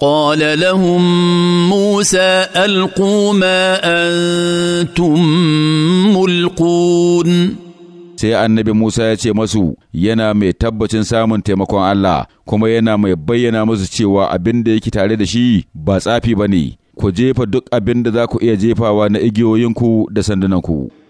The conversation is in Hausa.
قال لهم موسى القوا ما انتم ملقون sai annabi Musa ya ce masu yana mai tabbacin samun taimakon Allah kuma yana mai bayyana musu cewa abin da yake tare da shi ba tsafi ba ne, ku jefa duk abin da za ku iya jefawa na igiyoyinku da sandunanku.